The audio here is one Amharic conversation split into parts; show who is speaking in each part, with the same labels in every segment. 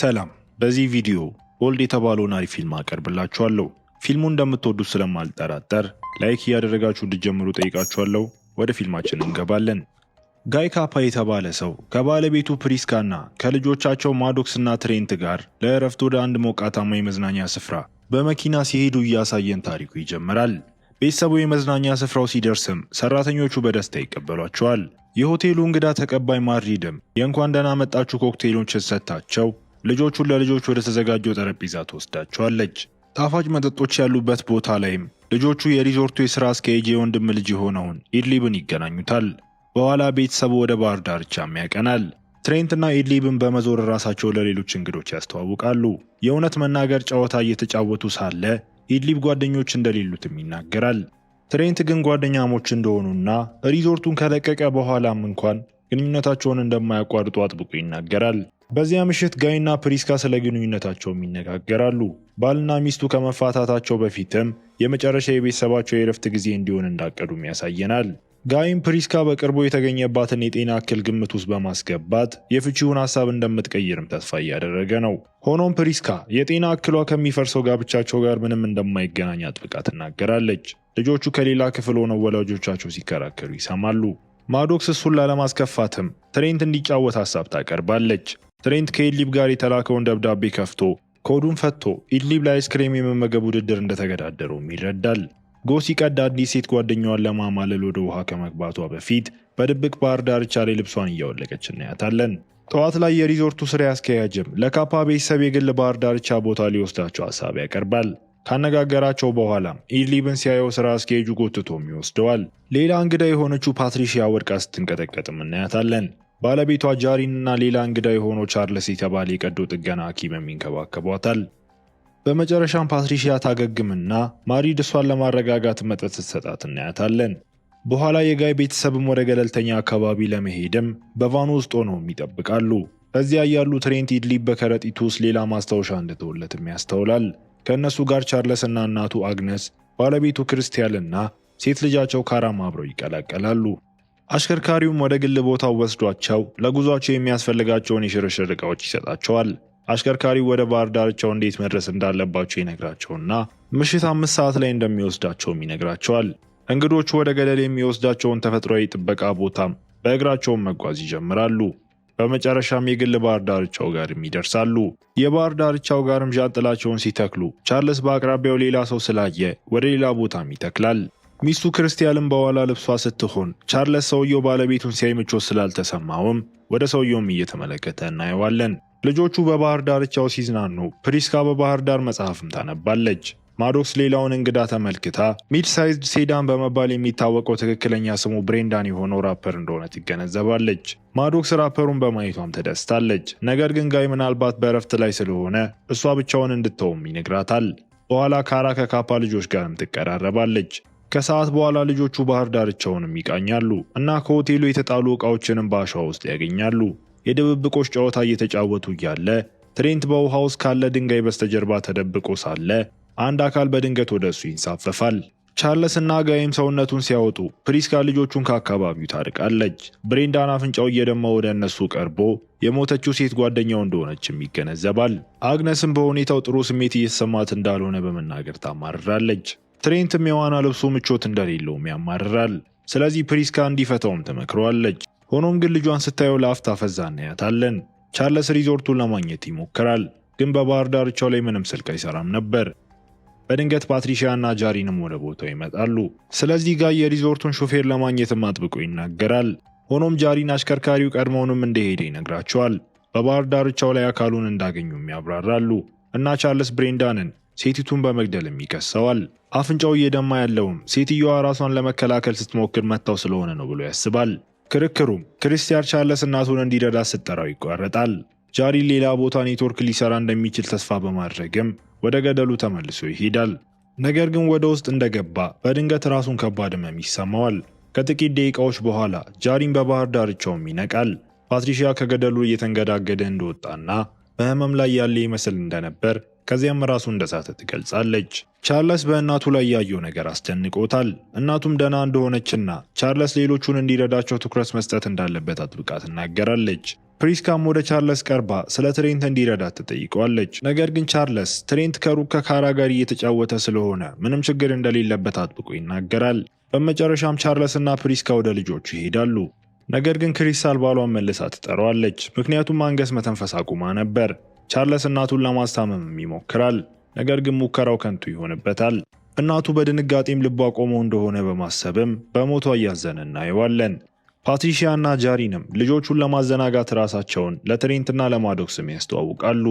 Speaker 1: ሰላም፣ በዚህ ቪዲዮ ኦልድ የተባለውን አሪፍ ፊልም አቀርብላችኋለሁ። ፊልሙን እንደምትወዱት ስለማልጠራጠር ላይክ እያደረጋችሁ እንድጀምሩ ጠይቃችኋለሁ። ወደ ፊልማችን እንገባለን። ጋይ ካፓ የተባለ ሰው ከባለቤቱ ፕሪስካና ከልጆቻቸው ማዶክስና ትሬንት ጋር ለእረፍት ወደ አንድ ሞቃታማ የመዝናኛ ስፍራ በመኪና ሲሄዱ እያሳየን ታሪኩ ይጀምራል። ቤተሰቡ የመዝናኛ ስፍራው ሲደርስም ሰራተኞቹ በደስታ ይቀበሏቸዋል። የሆቴሉ እንግዳ ተቀባይ ማድሪድም የእንኳን ደህና መጣችሁ ኮክቴሎች ሰጥታቸው ልጆቹን ለልጆች ወደ ተዘጋጀው ጠረጴዛ ትወስዳቸዋለች። ጣፋጭ መጠጦች ያሉበት ቦታ ላይም ልጆቹ የሪዞርቱ የሥራ አስኪያጅ የወንድም ልጅ የሆነውን ኢድሊብን ይገናኙታል። በኋላ ቤተሰቡ ወደ ባህር ዳርቻም ያቀናል። ትሬንትና ኢድሊብን በመዞር ራሳቸው ለሌሎች እንግዶች ያስተዋውቃሉ። የእውነት መናገር ጨዋታ እየተጫወቱ ሳለ ኢድሊብ ጓደኞች እንደሌሉትም ይናገራል። ትሬንት ግን ጓደኛሞች እንደሆኑና ሪዞርቱን ከለቀቀ በኋላም እንኳን ግንኙነታቸውን እንደማያቋርጡ አጥብቆ ይናገራል። በዚያ ምሽት ጋይና ፕሪስካ ስለ ግንኙነታቸውም ይነጋገራሉ። ባልና ሚስቱ ከመፋታታቸው በፊትም የመጨረሻ የቤተሰባቸው የእረፍት ጊዜ እንዲሆን እንዳቀዱም ያሳየናል። ጋይም ፕሪስካ በቅርቡ የተገኘባትን የጤና እክል ግምት ውስጥ በማስገባት የፍቺውን ሀሳብ እንደምትቀይርም ተስፋ እያደረገ ነው። ሆኖም ፕሪስካ የጤና እክሏ ከሚፈርሰው ጋብቻቸው ጋር ምንም እንደማይገናኝ አጥብቃ ትናገራለች። ልጆቹ ከሌላ ክፍል ሆነው ወላጆቻቸው ሲከራከሩ ይሰማሉ። ማዶክስ እሱን ላለማስከፋትም ትሬንት እንዲጫወት ሀሳብ ታቀርባለች። ትሬንት ከኢድሊብ ጋር የተላከውን ደብዳቤ ከፍቶ ኮዱን ፈቶ ኢድሊብ ላይ የመመገብ ውድድር እንደተገዳደሩም ይረዳል። ጎሲ ቀድ አዲስ ሴት ጓደኛዋን ለማማለል ወደ ውሃ ከመግባቷ በፊት በድብቅ ባህር ዳርቻ ላይ ልብሷን እያወለቀች እናያታለን። ጠዋት ላይ የሪዞርቱ ስራ አስኪያጅም ለካፓ ቤተሰብ የግል ባህር ዳርቻ ቦታ ሊወስዳቸው ሀሳብ ያቀርባል። ካነጋገራቸው በኋላም ኢድሊብን ሲያየው ስራ አስኪያጁ ጎትቶም ይወስደዋል። ሌላ እንግዳ የሆነችው ፓትሪሺያ ወድቃ ስትንቀጠቀጥም እናያታለን። ባለቤቷ ጃሪንና ሌላ እንግዳ የሆነው ቻርልስ የተባለ የቀዶ ጥገና ሐኪምም ይንከባከቧታል። በመጨረሻም ፓትሪሺያ ታገግምና ማሪድ እሷን ለማረጋጋት መጠጥ ስትሰጣት እናያታለን። በኋላ የጋይ ቤተሰብም ወደ ገለልተኛ አካባቢ ለመሄድም በቫኑ ውስጥ ሆነውም ይጠብቃሉ። እዚያ ያሉ ትሬንት ኢድሊ በከረጢቱ ውስጥ ሌላ ማስታወሻ እንደተወለትም ያስተውላል። ከእነሱ ጋር ቻርለስና እናቱ አግነስ፣ ባለቤቱ ክርስቲያልና ሴት ልጃቸው ካራም አብረው ይቀላቀላሉ። አሽከርካሪውም ወደ ግል ቦታው ወስዷቸው ለጉዟቸው የሚያስፈልጋቸውን የሽርሽር ዕቃዎች ይሰጣቸዋል። አሽከርካሪው ወደ ባህር ዳርቻው እንዴት መድረስ እንዳለባቸው ይነግራቸውና ምሽት አምስት ሰዓት ላይ እንደሚወስዳቸውም ይነግራቸዋል። እንግዶቹ ወደ ገደል የሚወስዳቸውን ተፈጥሯዊ ጥበቃ ቦታም በእግራቸውን መጓዝ ይጀምራሉ። በመጨረሻም የግል ባህር ዳርቻው ጋርም ይደርሳሉ። የባህር ዳርቻው ጋርም ዣንጥላቸውን ሲተክሉ ቻርልስ በአቅራቢያው ሌላ ሰው ስላየ ወደ ሌላ ቦታም ይተክላል። ሚስቱ ክርስቲያልም በኋላ ልብሷ ስትሆን ቻርለስ ሰውየው ባለቤቱን ሲያይ ምቾት ስላልተሰማውም ወደ ሰውየውም እየተመለከተ እናየዋለን። ልጆቹ በባህር ዳርቻው ሲዝናኑ ፕሪስካ በባህር ዳር መጽሐፍም ታነባለች። ማዶክስ ሌላውን እንግዳ ተመልክታ ሚድ ሳይዝድ ሴዳን በመባል የሚታወቀው ትክክለኛ ስሙ ብሬንዳን የሆነው ራፐር እንደሆነ ትገነዘባለች። ማዶክስ ራፐሩን በማየቷም ተደስታለች። ነገር ግን ጋይ ምናልባት በእረፍት ላይ ስለሆነ እሷ ብቻውን እንድተውም ይነግራታል። በኋላ ካራ ከካፓ ልጆች ጋርም ትቀራረባለች። ከሰዓት በኋላ ልጆቹ ባህር ዳርቻውንም ይቃኛሉ እና ከሆቴሉ የተጣሉ ዕቃዎችንም በአሸዋ ውስጥ ያገኛሉ። የድብብቆች ጨዋታ እየተጫወቱ እያለ ትሬንት በውሃ ውስጥ ካለ ድንጋይ በስተጀርባ ተደብቆ ሳለ አንድ አካል በድንገት ወደ እሱ ይንሳፈፋል። ቻርለስ እና ጋይም ሰውነቱን ሲያወጡ ፕሪስካ ልጆቹን ከአካባቢው ታርቃለች። ብሬንዳን አፍንጫው እየደማ ወደ እነሱ ቀርቦ የሞተችው ሴት ጓደኛው እንደሆነችም ይገነዘባል። አግነስም በሁኔታው ጥሩ ስሜት እየተሰማት እንዳልሆነ በመናገር ታማርራለች። ትሬንትም የዋና ልብሱ ምቾት እንደሌለውም ያማርራል። ስለዚህ ፕሪስካ እንዲፈታውም ትመክረዋለች። ሆኖም ግን ልጇን ስታየው ለአፍታ ፈዛ እናያታለን። ቻርለስ ሪዞርቱን ለማግኘት ይሞክራል፣ ግን በባህር ዳርቻው ላይ ምንም ስልክ አይሰራም ነበር። በድንገት ፓትሪሺያ እና ጃሪንም ወደ ቦታው ይመጣሉ። ስለዚህ ጋ የሪዞርቱን ሾፌር ለማግኘትም አጥብቆ ይናገራል። ሆኖም ጃሪን አሽከርካሪው ቀድሞውንም እንደሄደ ይነግራቸዋል። በባህር ዳርቻው ላይ አካሉን እንዳገኙም ያብራራሉ እና ቻርልስ ብሬንዳንን ሴቲቱን በመግደልም ይከሰዋል። አፍንጫው እየደማ ያለውም ሴትየዋ ራሷን ለመከላከል ስትሞክር መታው ስለሆነ ነው ብሎ ያስባል። ክርክሩም ክርስቲያን ቻርለስ እናቱን እንዲረዳ ስትጠራው ይቋረጣል። ጃሪ ሌላ ቦታ ኔትወርክ ሊሰራ እንደሚችል ተስፋ በማድረግም ወደ ገደሉ ተመልሶ ይሄዳል። ነገር ግን ወደ ውስጥ እንደገባ በድንገት ራሱን ከባድ ህመም ይሰማዋል። ከጥቂት ደቂቃዎች በኋላ ጃሪን በባህር ዳርቻውም ይነቃል። ፓትሪሺያ ከገደሉ እየተንገዳገደ እንደወጣና በህመም ላይ ያለ ይመስል እንደነበር ከዚያም ራሱ እንደሳተ ትገልጻለች። ቻርለስ በእናቱ ላይ ያየው ነገር አስደንቆታል። እናቱም ደህና እንደሆነችና ቻርለስ ሌሎቹን እንዲረዳቸው ትኩረት መስጠት እንዳለበት አጥብቃ ትናገራለች። ፕሪስካም ወደ ቻርለስ ቀርባ ስለ ትሬንት እንዲረዳት ትጠይቀዋለች። ነገር ግን ቻርለስ ትሬንት ከሩቅ ከካራ ጋር እየተጫወተ ስለሆነ ምንም ችግር እንደሌለበት አጥብቆ ይናገራል። በመጨረሻም ቻርለስ እና ፕሪስካ ወደ ልጆቹ ይሄዳሉ። ነገር ግን ክሪስታል ባሏን መልሳ ትጠራዋለች፣ ምክንያቱም አንገስ መተንፈስ አቁማ ነበር። ቻርለስ እናቱን ለማስታመምም ይሞክራል። ነገር ግን ሙከራው ከንቱ ይሆንበታል። እናቱ በድንጋጤም ልቧ ቆሞ እንደሆነ በማሰብም በሞቷ እያዘነ እናየዋለን። ፓትሪሺያ እና ጃሪንም ልጆቹን ለማዘናጋት ራሳቸውን ለትሬንትና ለማዶክስም ያስተዋውቃሉ።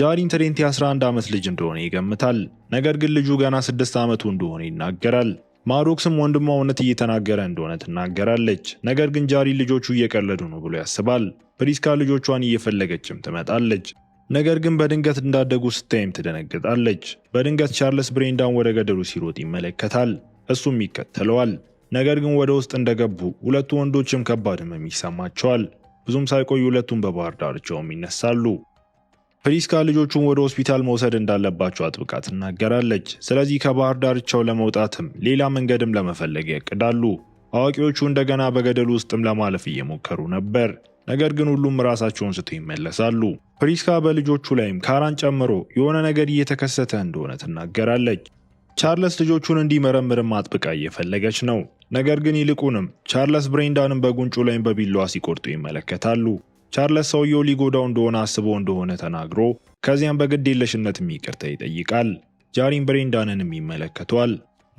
Speaker 1: ጃሪን ትሬንት የ11 ዓመት ልጅ እንደሆነ ይገምታል። ነገር ግን ልጁ ገና ስድስት ዓመቱ እንደሆነ ይናገራል። ማዶክስም ወንድሟ እውነት እየተናገረ እንደሆነ ትናገራለች። ነገር ግን ጃሪን ልጆቹ እየቀለዱ ነው ብሎ ያስባል። ፕሪስካ ልጆቿን እየፈለገችም ትመጣለች። ነገር ግን በድንገት እንዳደጉ ስታይም ትደነግጣለች። በድንገት ቻርልስ ብሬንዳን ወደ ገደሉ ሲሮጥ ይመለከታል። እሱም ይከተለዋል። ነገር ግን ወደ ውስጥ እንደገቡ ሁለቱ ወንዶችም ከባድ ሕመም ይሰማቸዋል። ብዙም ሳይቆዩ ሁለቱም በባህር ዳርቻውም ይነሳሉ። ፕሪስካ ልጆቹን ወደ ሆስፒታል መውሰድ እንዳለባቸው አጥብቃ ትናገራለች። ስለዚህ ከባህር ዳርቻው ለመውጣትም ሌላ መንገድም ለመፈለግ ያቅዳሉ። አዋቂዎቹ እንደገና በገደሉ ውስጥም ለማለፍ እየሞከሩ ነበር። ነገር ግን ሁሉም ራሳቸውን ስቶ ይመለሳሉ። ፕሪስካ በልጆቹ ላይም ካራን ጨምሮ የሆነ ነገር እየተከሰተ እንደሆነ ትናገራለች። ቻርለስ ልጆቹን እንዲመረምርም አጥብቃ እየፈለገች ነው። ነገር ግን ይልቁንም ቻርለስ ብሬንዳንም በጉንጩ ላይም በቢላዋ ሲቆርጡ ይመለከታሉ። ቻርለስ ሰውየው ሊጎዳው እንደሆነ አስቦ እንደሆነ ተናግሮ ከዚያም በግዴለሽነትም ይቅርታ ይጠይቃል። ጃሪም ብሬንዳንንም ይመለከቷል።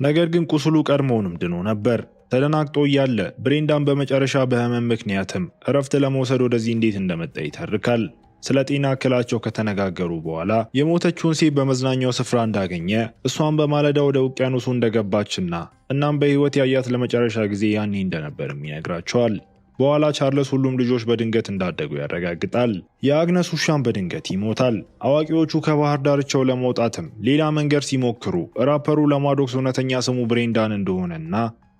Speaker 1: ነገር ግን ቁስሉ ቀድሞውንም ድኖ ነበር። ተደናግጦ እያለ ብሬንዳን በመጨረሻ በህመም ምክንያትም እረፍት ለመውሰድ ወደዚህ እንዴት እንደመጣ ይተርካል። ስለ ጤና እክላቸው ከተነጋገሩ በኋላ የሞተችውን ሴት በመዝናኛው ስፍራ እንዳገኘ እሷን በማለዳ ወደ ውቅያኖሱ እንደገባችና እናም በህይወት ያያት ለመጨረሻ ጊዜ ያኔ እንደነበርም ይነግራቸዋል። በኋላ ቻርለስ ሁሉም ልጆች በድንገት እንዳደጉ ያረጋግጣል። የአግነስ ውሻም በድንገት ይሞታል። አዋቂዎቹ ከባህር ዳርቻው ለመውጣትም ሌላ መንገድ ሲሞክሩ ራፐሩ ለማዶክስ እውነተኛ ስሙ ብሬንዳን እንደሆነና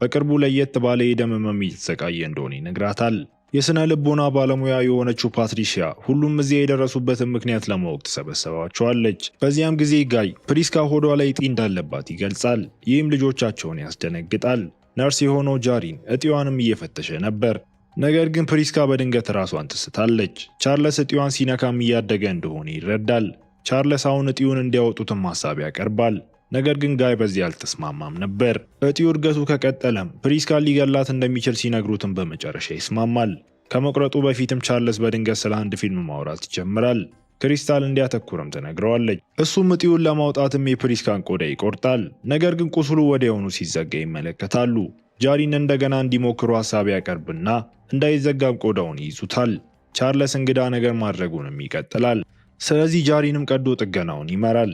Speaker 1: በቅርቡ ለየት ባለ የደም ህመም እየተሰቃየ እንደሆነ ይነግራታል። የሥነ ልቦና ባለሙያ የሆነችው ፓትሪሺያ ሁሉም እዚያ የደረሱበትን ምክንያት ለማወቅ ትሰበሰባቸዋለች። በዚያም ጊዜ ጋይ ፕሪስካ ሆዷ ላይ እጢ እንዳለባት ይገልጻል። ይህም ልጆቻቸውን ያስደነግጣል። ነርስ የሆነው ጃሪን እጢዋንም እየፈተሸ ነበር። ነገር ግን ፕሪስካ በድንገት ራሷን ትስታለች። ቻርለስ እጢዋን ሲነካም እያደገ እንደሆነ ይረዳል። ቻርለስ አሁን እጢውን እንዲያወጡትም ሀሳብ ያቀርባል። ነገር ግን ጋይ በዚህ አልተስማማም ነበር። እጢው እድገቱ ከቀጠለም ፕሪስካ ሊገላት እንደሚችል ሲነግሩትም በመጨረሻ ይስማማል። ከመቁረጡ በፊትም ቻርልስ በድንገት ስለ አንድ ፊልም ማውራት ይጀምራል። ክሪስታል እንዲያተኩርም ትነግረዋለች። እሱም እጢውን ለማውጣትም የፕሪስካን ቆዳ ይቆርጣል። ነገር ግን ቁስሉ ወዲያውኑ ሲዘጋ ይመለከታሉ። ጃሪን እንደገና እንዲሞክሩ ሀሳብ ያቀርብና እንዳይዘጋም ቆዳውን ይይዙታል። ቻርለስ እንግዳ ነገር ማድረጉንም ይቀጥላል። ስለዚህ ጃሪንም ቀዶ ጥገናውን ይመራል።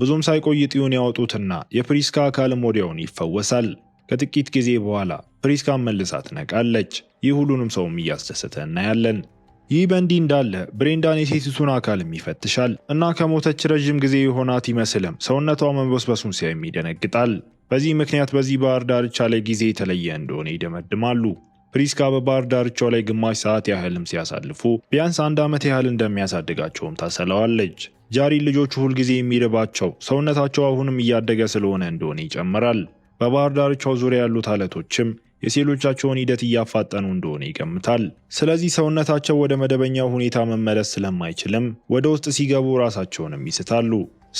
Speaker 1: ብዙም ሳይቆይ ጥዩን ያወጡትና የፕሪስካ አካልም ወዲያውን ይፈወሳል። ከጥቂት ጊዜ በኋላ ፕሪስካ መልሳ ትነቃለች። ይህ ሁሉንም ሰውም እያስደሰተ እናያለን። ይህ በእንዲህ እንዳለ ብሬንዳን የሴቲቱን አካልም ይፈትሻል እና ከሞተች ረዥም ጊዜ የሆናት ይመስልም ሰውነቷ መንበስበሱን ሲያይም ይደነግጣል። በዚህ ምክንያት በዚህ ባህር ዳርቻ ላይ ጊዜ የተለየ እንደሆነ ይደመድማሉ። ፕሪስካ በባህር ዳርቻው ላይ ግማሽ ሰዓት ያህልም ሲያሳልፉ ቢያንስ አንድ ዓመት ያህል እንደሚያሳድጋቸውም ታሰለዋለች። ጃሪ ልጆቹ ሁልጊዜ የሚርባቸው ሰውነታቸው አሁንም እያደገ ስለሆነ እንደሆነ ይጨምራል። በባህር ዳርቻው ዙሪያ ያሉት አለቶችም የሴሎቻቸውን ሂደት እያፋጠኑ እንደሆነ ይገምታል። ስለዚህ ሰውነታቸው ወደ መደበኛው ሁኔታ መመለስ ስለማይችልም ወደ ውስጥ ሲገቡ ራሳቸውንም ይስታሉ።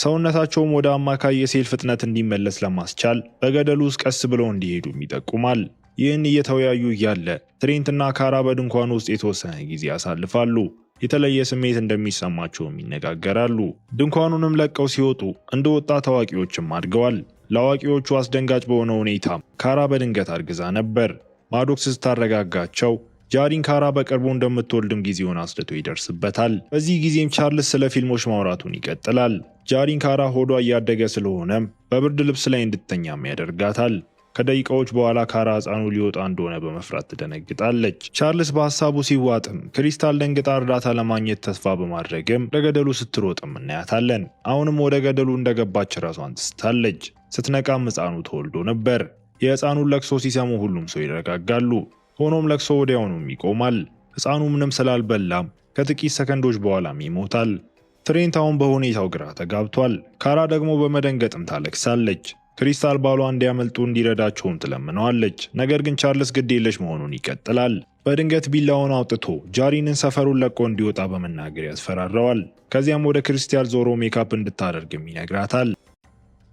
Speaker 1: ሰውነታቸውም ወደ አማካይ የሴል ፍጥነት እንዲመለስ ለማስቻል በገደሉ ውስጥ ቀስ ብለው እንዲሄዱም ይጠቁማል። ይህን እየተወያዩ እያለ ትሬንትና ካራ በድንኳን ውስጥ የተወሰነ ጊዜ ያሳልፋሉ። የተለየ ስሜት እንደሚሰማቸውም ይነጋገራሉ። ድንኳኑንም ለቀው ሲወጡ እንደ ወጣት አዋቂዎችም አድገዋል። ለአዋቂዎቹ አስደንጋጭ በሆነ ሁኔታ ካራ በድንገት አርግዛ ነበር። ማዶክስ ስታረጋጋቸው ጃሪን ካራ በቅርቡ እንደምትወልድም ጊዜውን አስደቶ ይደርስበታል። በዚህ ጊዜም ቻርልስ ስለ ፊልሞች ማውራቱን ይቀጥላል። ጃሪን ካራ ሆዷ እያደገ ስለሆነም በብርድ ልብስ ላይ እንድተኛም ያደርጋታል። ከደቂቃዎች በኋላ ካራ ህፃኑ ሊወጣ እንደሆነ በመፍራት ትደነግጣለች። ቻርልስ በሀሳቡ ሲዋጥም፣ ክሪስታል ደንግጣ እርዳታ ለማግኘት ተስፋ በማድረግም ወደ ገደሉ ስትሮጥም እናያታለን። አሁንም ወደ ገደሉ እንደገባች ራሷን ትስታለች። ስትነቃም ህፃኑ ተወልዶ ነበር። የህፃኑን ለቅሶ ሲሰሙ ሁሉም ሰው ይረጋጋሉ። ሆኖም ለቅሶ ወዲያውኑም ይቆማል። ህፃኑ ምንም ስላልበላም ከጥቂት ሰከንዶች በኋላም ይሞታል። ትሬንታውን በሁኔታው ግራ ተጋብቷል። ካራ ደግሞ በመደንገጥም ታለቅሳለች። ክሪስታል ባሏ እንዲያመልጡ እንዲረዳቸውም ትለምነዋለች። ነገር ግን ቻርልስ ግድ የለሽ መሆኑን ይቀጥላል። በድንገት ቢላውን አውጥቶ ጃሪንን ሰፈሩን ለቆ እንዲወጣ በመናገር ያስፈራረዋል። ከዚያም ወደ ክሪስታል ዞሮ ሜካፕ እንድታደርግም ይነግራታል።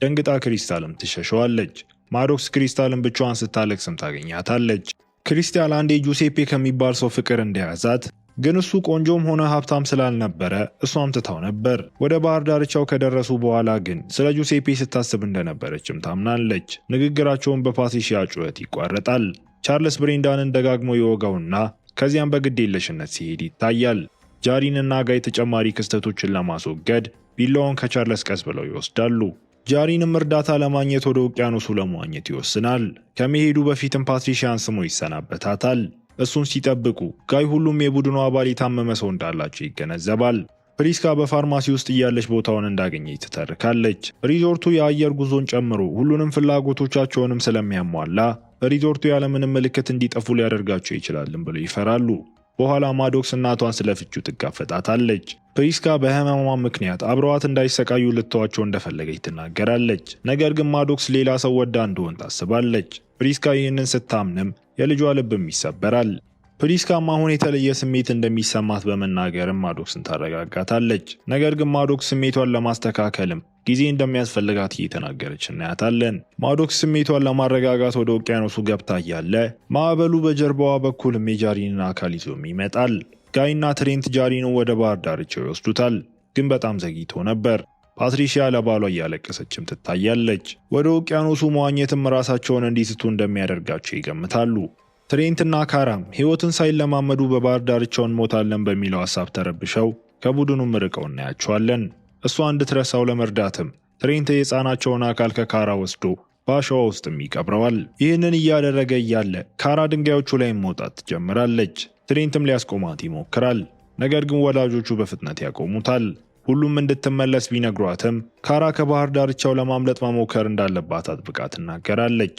Speaker 1: ደንግጣ ክሪስታልም ትሸሸዋለች። ማዶክስ ክሪስታልን ብቻዋን ስታለቅስም ታገኛታለች። ክሪስታል አንዴ ጁሴፔ ከሚባል ሰው ፍቅር እንደያዛት ግን እሱ ቆንጆም ሆነ ሀብታም ስላልነበረ እሷም ትታው ነበር። ወደ ባህር ዳርቻው ከደረሱ በኋላ ግን ስለ ጁሴፔ ስታስብ እንደነበረችም ታምናለች። ንግግራቸውን በፓትሪሺያ ጩኸት ይቋረጣል። ቻርልስ ብሬንዳንን ደጋግሞ የወጋውና ከዚያም በግድ የለሽነት ሲሄድ ይታያል። ጃሪንና ጋይ ተጨማሪ ክስተቶችን ለማስወገድ ቢላውን ከቻርለስ ቀስ ብለው ይወስዳሉ። ጃሪንም እርዳታ ለማግኘት ወደ ውቅያኖሱ ለመዋኘት ይወስናል። ከመሄዱ በፊትም ፓትሪሺያን ስሞ ይሰናበታታል። እሱን ሲጠብቁ ጋይ ሁሉም የቡድኑ አባል የታመመ ሰው እንዳላቸው ይገነዘባል። ፕሪስካ በፋርማሲ ውስጥ እያለች ቦታውን እንዳገኘች ትተርካለች። ሪዞርቱ የአየር ጉዞን ጨምሮ ሁሉንም ፍላጎቶቻቸውንም ስለሚያሟላ ሪዞርቱ ያለምንም ምልክት እንዲጠፉ ሊያደርጋቸው ይችላልን ብለው ይፈራሉ። በኋላ ማዶክስ እናቷን ስለ ፍቹ ትጋፈጣታለች። ፕሪስካ በህመሟ ምክንያት አብረዋት እንዳይሰቃዩ ልተዋቸው እንደፈለገች ትናገራለች። ነገር ግን ማዶክስ ሌላ ሰው ወዳ እንደሆን ታስባለች። ፕሪስካ ይህንን ስታምንም የልጇ ልብም ይሰበራል። ፕሪስካም አሁን የተለየ ስሜት እንደሚሰማት በመናገርም ማዶክስን ታረጋጋታለች። ነገር ግን ማዶክስ ስሜቷን ለማስተካከልም ጊዜ እንደሚያስፈልጋት እየተናገረች እናያታለን። ማዶክስ ስሜቷን ለማረጋጋት ወደ ውቅያኖሱ ገብታ እያለ ማዕበሉ በጀርባዋ በኩልም የጃሪንን አካል ይዞም ይመጣል። ጋይና ትሬንት ጃሪንን ወደ ባህር ዳርቻው ይወስዱታል፣ ግን በጣም ዘግይቶ ነበር። ፓትሪሺያ ለባሏ እያለቀሰችም ትታያለች። ወደ ውቅያኖሱ መዋኘትም ራሳቸውን እንዲስቱ እንደሚያደርጋቸው ይገምታሉ። ትሬንትና ካራም ሕይወትን ሳይለማመዱ በባህር ዳርቻው እንሞታለን በሚለው ሀሳብ ተረብሸው ከቡድኑም ርቀው እናያቸዋለን። እሷ እንድትረሳው ለመርዳትም ትሬንት የሕፃናቸውን አካል ከካራ ወስዶ በአሸዋ ውስጥም ይቀብረዋል። ይህንን እያደረገ እያለ ካራ ድንጋዮቹ ላይም መውጣት ትጀምራለች። ትሬንትም ሊያስቆማት ይሞክራል። ነገር ግን ወላጆቹ በፍጥነት ያቆሙታል። ሁሉም እንድትመለስ ቢነግሯትም ካራ ከባህር ዳርቻው ለማምለጥ መሞከር እንዳለባት አጥብቃ ትናገራለች።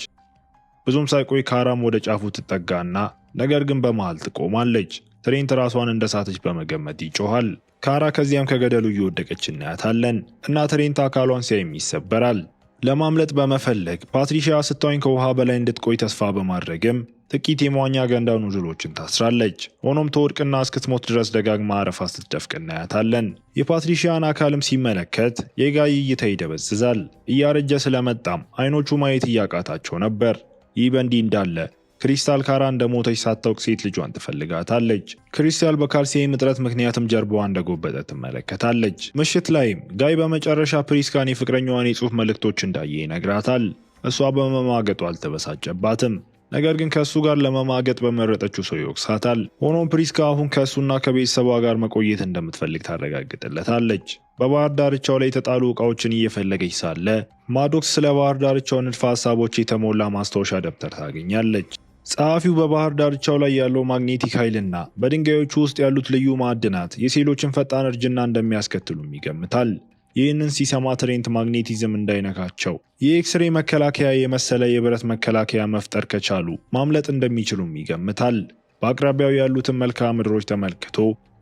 Speaker 1: ብዙም ሳይቆይ ካራም ወደ ጫፉ ትጠጋና ነገር ግን በመሃል ትቆማለች። ትሬንት ራሷን እንደሳተች በመገመት ይጮኋል። ካራ ከዚያም ከገደሉ እየወደቀች እናያታለን እና ትሬንት አካሏን ሲያይም ይሰበራል። ለማምለጥ በመፈለግ ፓትሪሺያ ስታወኝ ከውሃ በላይ እንድትቆይ ተስፋ በማድረግም ጥቂት የመዋኛ ገንዳ ኑድሎችን ታስራለች። ሆኖም ተወድቅና እስክትሞት ድረስ ደጋግማ አረፋ ስትደፍቅ እናያታለን። የፓትሪሺያን አካልም ሲመለከት የጋይ እይታ ይደበዝዛል። እያረጀ ስለመጣም አይኖቹ ማየት እያቃታቸው ነበር። ይህ በእንዲህ እንዳለ ክሪስታል ካራ እንደሞተች ሳታውቅ ሴት ልጇን ትፈልጋታለች። ክሪስታል በካልሲየም እጥረት ምክንያትም ጀርባዋ እንደጎበጠ ትመለከታለች። ምሽት ላይም ጋይ በመጨረሻ ፕሪስካን የፍቅረኛዋን የጽሑፍ መልእክቶች እንዳየ ይነግራታል። እሷ በመማገጡ አልተበሳጨባትም። ነገር ግን ከእሱ ጋር ለመማገጥ በመረጠችው ሰው ይወቅሳታል። ሆኖም ፕሪስካ አሁን ከእሱና ከቤተሰቧ ጋር መቆየት እንደምትፈልግ ታረጋግጥለታለች። በባህር ዳርቻው ላይ የተጣሉ እቃዎችን እየፈለገች ሳለ ማዶክስ ስለ ባህር ዳርቻው ንድፈ ሀሳቦች የተሞላ ማስታወሻ ደብተር ታገኛለች። ጸሐፊው በባህር ዳርቻው ላይ ያለው ማግኔቲክ ኃይልና በድንጋዮቹ ውስጥ ያሉት ልዩ ማዕድናት የሴሎችን ፈጣን እርጅና እንደሚያስከትሉም ይገምታል። ይህንን ሲሰማ ትሬንት ማግኔቲዝም እንዳይነካቸው የኤክስሬ መከላከያ የመሰለ የብረት መከላከያ መፍጠር ከቻሉ ማምለጥ እንደሚችሉም ይገምታል። በአቅራቢያው ያሉትን መልክዓ ምድሮች ተመልክቶ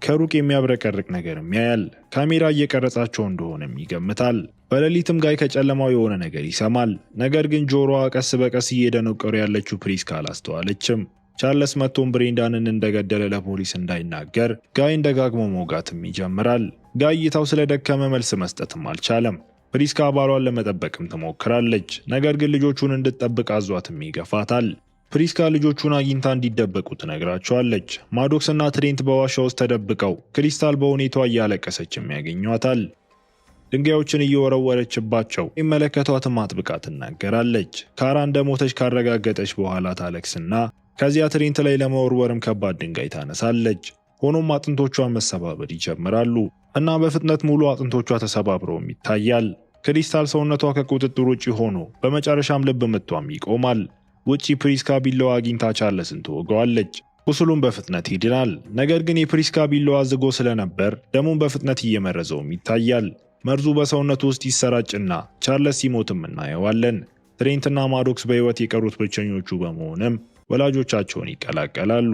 Speaker 1: ከሩቅ የሚያብረቀርቅ ነገርም ያያል። ካሜራ እየቀረጻቸው እንደሆነም ይገምታል። በሌሊትም ጋይ ከጨለማው የሆነ ነገር ይሰማል። ነገር ግን ጆሮዋ ቀስ በቀስ እየደነቀሩ ያለችው ፕሪስካ አላስተዋለችም። ቻርለስ መጥቶም ብሬንዳንን እንደገደለ ለፖሊስ እንዳይናገር ጋይን ደጋግሞ መውጋትም ይጀምራል። ጋይ እይታው ስለደከመ መልስ መስጠትም አልቻለም። ፕሪስካ ባሏን ለመጠበቅም ትሞክራለች። ነገር ግን ልጆቹን እንድትጠብቅ አዟትም ይገፋታል። ፕሪስካ ልጆቹን አግኝታ እንዲደበቁ ትነግራቸዋለች። ማዶክስና ትሬንት በዋሻ ውስጥ ተደብቀው ክሪስታል በሁኔቷ እያለቀሰችም ያገኟታል። ድንጋዮችን እየወረወረችባቸው የሚመለከቷትም አጥብቃ ትናገራለች። ካራ እንደሞተች ካረጋገጠች በኋላ ታለቅስና ከዚያ ትሬንት ላይ ለመወርወርም ከባድ ድንጋይ ታነሳለች። ሆኖም አጥንቶቿ መሰባበር ይጀምራሉ እና በፍጥነት ሙሉ አጥንቶቿ ተሰባብረውም ይታያል። ክሪስታል ሰውነቷ ከቁጥጥር ውጭ ሆኖ በመጨረሻም ልብ ምቷም ይቆማል። ውጪ ፕሪስካ ቢላዋ አግኝታ ቻርልስን ትወገዋለች። ቁስሉን በፍጥነት ይድናል። ነገር ግን የፕሪስካ ቢላዋ ዝጎ ስለነበር ደሙን በፍጥነት እየመረዘውም ይታያል። መርዙ በሰውነቱ ውስጥ ይሰራጭና ቻርለስ ሲሞትም እናየዋለን። ትሬንትና ማዶክስ በሕይወት የቀሩት ብቸኞቹ በመሆንም ወላጆቻቸውን ይቀላቀላሉ።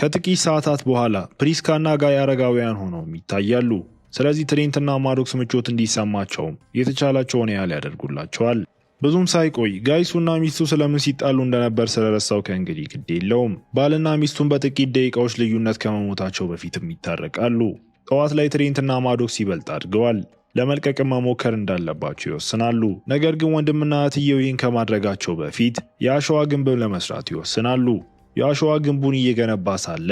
Speaker 1: ከጥቂት ሰዓታት በኋላ ፕሪስካና ጋይ አረጋውያን ሆነውም ይታያሉ። ስለዚህ ትሬንትና ማዶክስ ምቾት እንዲሰማቸውም የተቻላቸውን ያህል ያደርጉላቸዋል። ብዙም ሳይቆይ ጋይሱና ሚስቱ ስለምን ሲጣሉ እንደነበር ስለረሳው ከእንግዲህ ግድ የለውም። ባልና ሚስቱን በጥቂት ደቂቃዎች ልዩነት ከመሞታቸው በፊትም ይታረቃሉ። ጠዋት ላይ ትሬንትና ማዶክስ ይበልጥ አድገዋል። ለመልቀቅም መሞከር እንዳለባቸው ይወስናሉ። ነገር ግን ወንድምና እህትየው ይህን ከማድረጋቸው በፊት የአሸዋ ግንብም ለመስራት ይወስናሉ። የአሸዋ ግንቡን እየገነባ ሳለ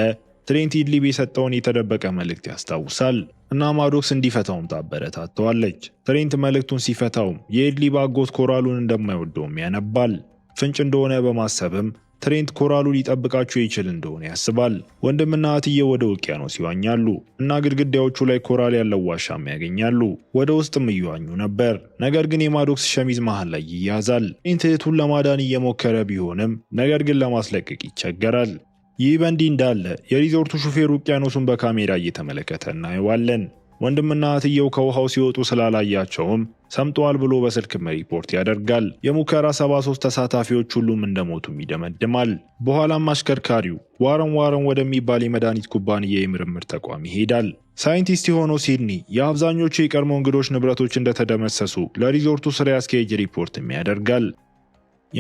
Speaker 1: ትሬንት ኢድሊብ የሰጠውን የተደበቀ መልእክት ያስታውሳል። እና ማዶክስ እንዲፈታውም ታበረታተዋለች። ትሬንት መልእክቱን ሲፈታውም የኤድሊ ባጎት ኮራሉን እንደማይወደውም ያነባል። ፍንጭ እንደሆነ በማሰብም ትሬንት ኮራሉ ሊጠብቃቸው ይችል እንደሆነ ያስባል። ወንድምና እህትዬ ወደ ውቅያኖስ ይዋኛሉ እና ግድግዳዎቹ ላይ ኮራል ያለው ዋሻም ያገኛሉ። ወደ ውስጥም እየዋኙ ነበር። ነገር ግን የማዶክስ ሸሚዝ መሃል ላይ ይያዛል። ትሬንት እህቱን ለማዳን እየሞከረ ቢሆንም ነገር ግን ለማስለቀቅ ይቸገራል። ይህ በእንዲህ እንዳለ የሪዞርቱ ሹፌር ውቅያኖሱን በካሜራ እየተመለከተ እናየዋለን። ወንድምና እህትየው ከውሃው ሲወጡ ስላላያቸውም ሰምጠዋል ብሎ በስልክም ሪፖርት ያደርጋል። የሙከራ 73 ተሳታፊዎች ሁሉም እንደሞቱም ይደመድማል። በኋላም አሽከርካሪው ዋረን ዋረን ወደሚባል የመድኃኒት ኩባንያ የምርምር ተቋም ይሄዳል። ሳይንቲስት የሆነው ሲድኒ የአብዛኞቹ የቀድሞ እንግዶች ንብረቶች እንደተደመሰሱ ለሪዞርቱ ስራ አስኪያጅ ሪፖርትም ያደርጋል።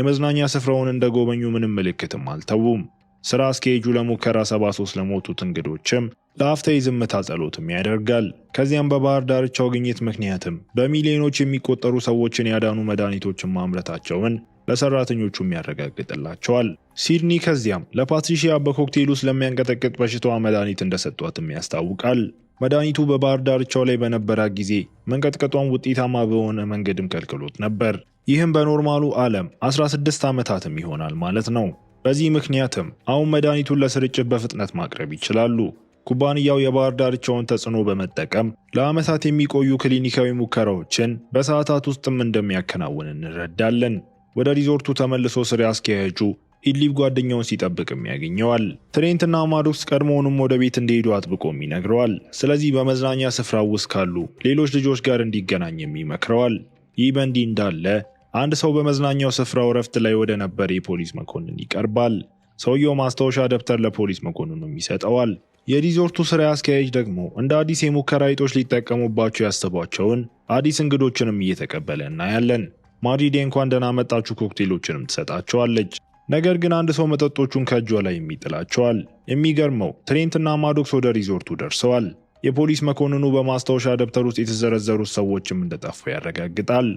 Speaker 1: የመዝናኛ ስፍራውን እንደጎበኙ ምንም ምልክትም አልተዉም። ስራ አስኪያጁ ለሙከራ 73 ለሞቱት እንግዶችም ለአፍታይ የዝምታ ጸሎትም ያደርጋል። ከዚያም በባህር ዳርቻው ግኝት ምክንያትም በሚሊዮኖች የሚቆጠሩ ሰዎችን ያዳኑ መድኃኒቶችን ማምረታቸውን ለሰራተኞቹም ያረጋግጥላቸዋል። ሲድኒ ከዚያም ለፓትሪሺያ በኮክቴል ውስጥ ለሚያንቀጠቅጥ በሽታዋ መድኃኒት እንደሰጧትም ያስታውቃል። መድኃኒቱ በባህር ዳርቻው ላይ በነበረ ጊዜ መንቀጥቀጧን ውጤታማ በሆነ መንገድም ከልክሎት ነበር። ይህም በኖርማሉ ዓለም 16 ዓመታትም ይሆናል ማለት ነው። በዚህ ምክንያትም አሁን መድኃኒቱን ለስርጭት በፍጥነት ማቅረብ ይችላሉ። ኩባንያው የባህር ዳርቻውን ተጽዕኖ በመጠቀም ለዓመታት የሚቆዩ ክሊኒካዊ ሙከራዎችን በሰዓታት ውስጥም እንደሚያከናውን እንረዳለን። ወደ ሪዞርቱ ተመልሶ ስራ አስኪያጁ ኢድሊብ ጓደኛውን ሲጠብቅም ያገኘዋል። ትሬንትና ማዶክስ ቀድሞውንም ወደ ቤት እንዲሄዱ አጥብቆም ይነግረዋል። ስለዚህ በመዝናኛ ስፍራው ውስጥ ካሉ ሌሎች ልጆች ጋር እንዲገናኝም ይመክረዋል። ይህ በእንዲህ እንዳለ አንድ ሰው በመዝናኛው ስፍራው እረፍት ላይ ወደ ነበር የፖሊስ መኮንን ይቀርባል። ሰውየው ማስታወሻ ደብተር ለፖሊስ መኮንኑም ይሰጠዋል። የሪዞርቱ ስራ አስኪያጅ ደግሞ እንደ አዲስ የሙከራ አይጦች ሊጠቀሙባቸው ያስቧቸውን አዲስ እንግዶችንም እየተቀበለ እናያለን። ማሪዴ እንኳን ደህና መጣችሁ ኮክቴሎችንም ትሰጣቸዋለች። ነገር ግን አንድ ሰው መጠጦቹን ከእጇ ላይ የሚጥላቸዋል። የሚገርመው ትሬንትና ማዶክስ ወደ ሪዞርቱ ደርሰዋል። የፖሊስ መኮንኑ በማስታወሻ ደብተር ውስጥ የተዘረዘሩት ሰዎችም እንደጠፉ ያረጋግጣል።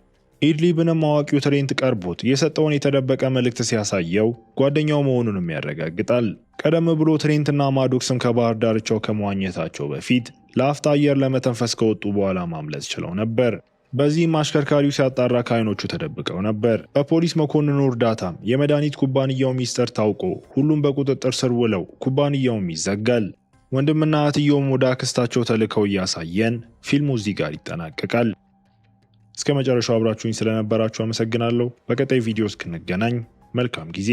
Speaker 1: ኢድሊብንም አዋቂው ትሬንት ቀርቦት የሰጠውን የተደበቀ መልእክት ሲያሳየው ጓደኛው መሆኑንም ያረጋግጣል። ቀደም ብሎ ትሬንትና ማዶክስም ከባህር ዳርቻው ከመዋኘታቸው በፊት ለአፍታ አየር ለመተንፈስ ከወጡ በኋላ ማምለጥ ችለው ነበር። በዚህም አሽከርካሪው ሲያጣራ ከአይኖቹ ተደብቀው ነበር። በፖሊስ መኮንኑ እርዳታም የመድኃኒት ኩባንያው ሚስጥር ታውቆ ሁሉም በቁጥጥር ስር ውለው ኩባንያውም ይዘጋል። ወንድምና እህትየውም ወደ አክስታቸው ተልከው እያሳየን ፊልሙ እዚህ ጋር ይጠናቀቃል። እስከ መጨረሻው አብራችሁኝ ስለነበራችሁ አመሰግናለሁ። በቀጣይ ቪዲዮ እስክንገናኝ መልካም ጊዜ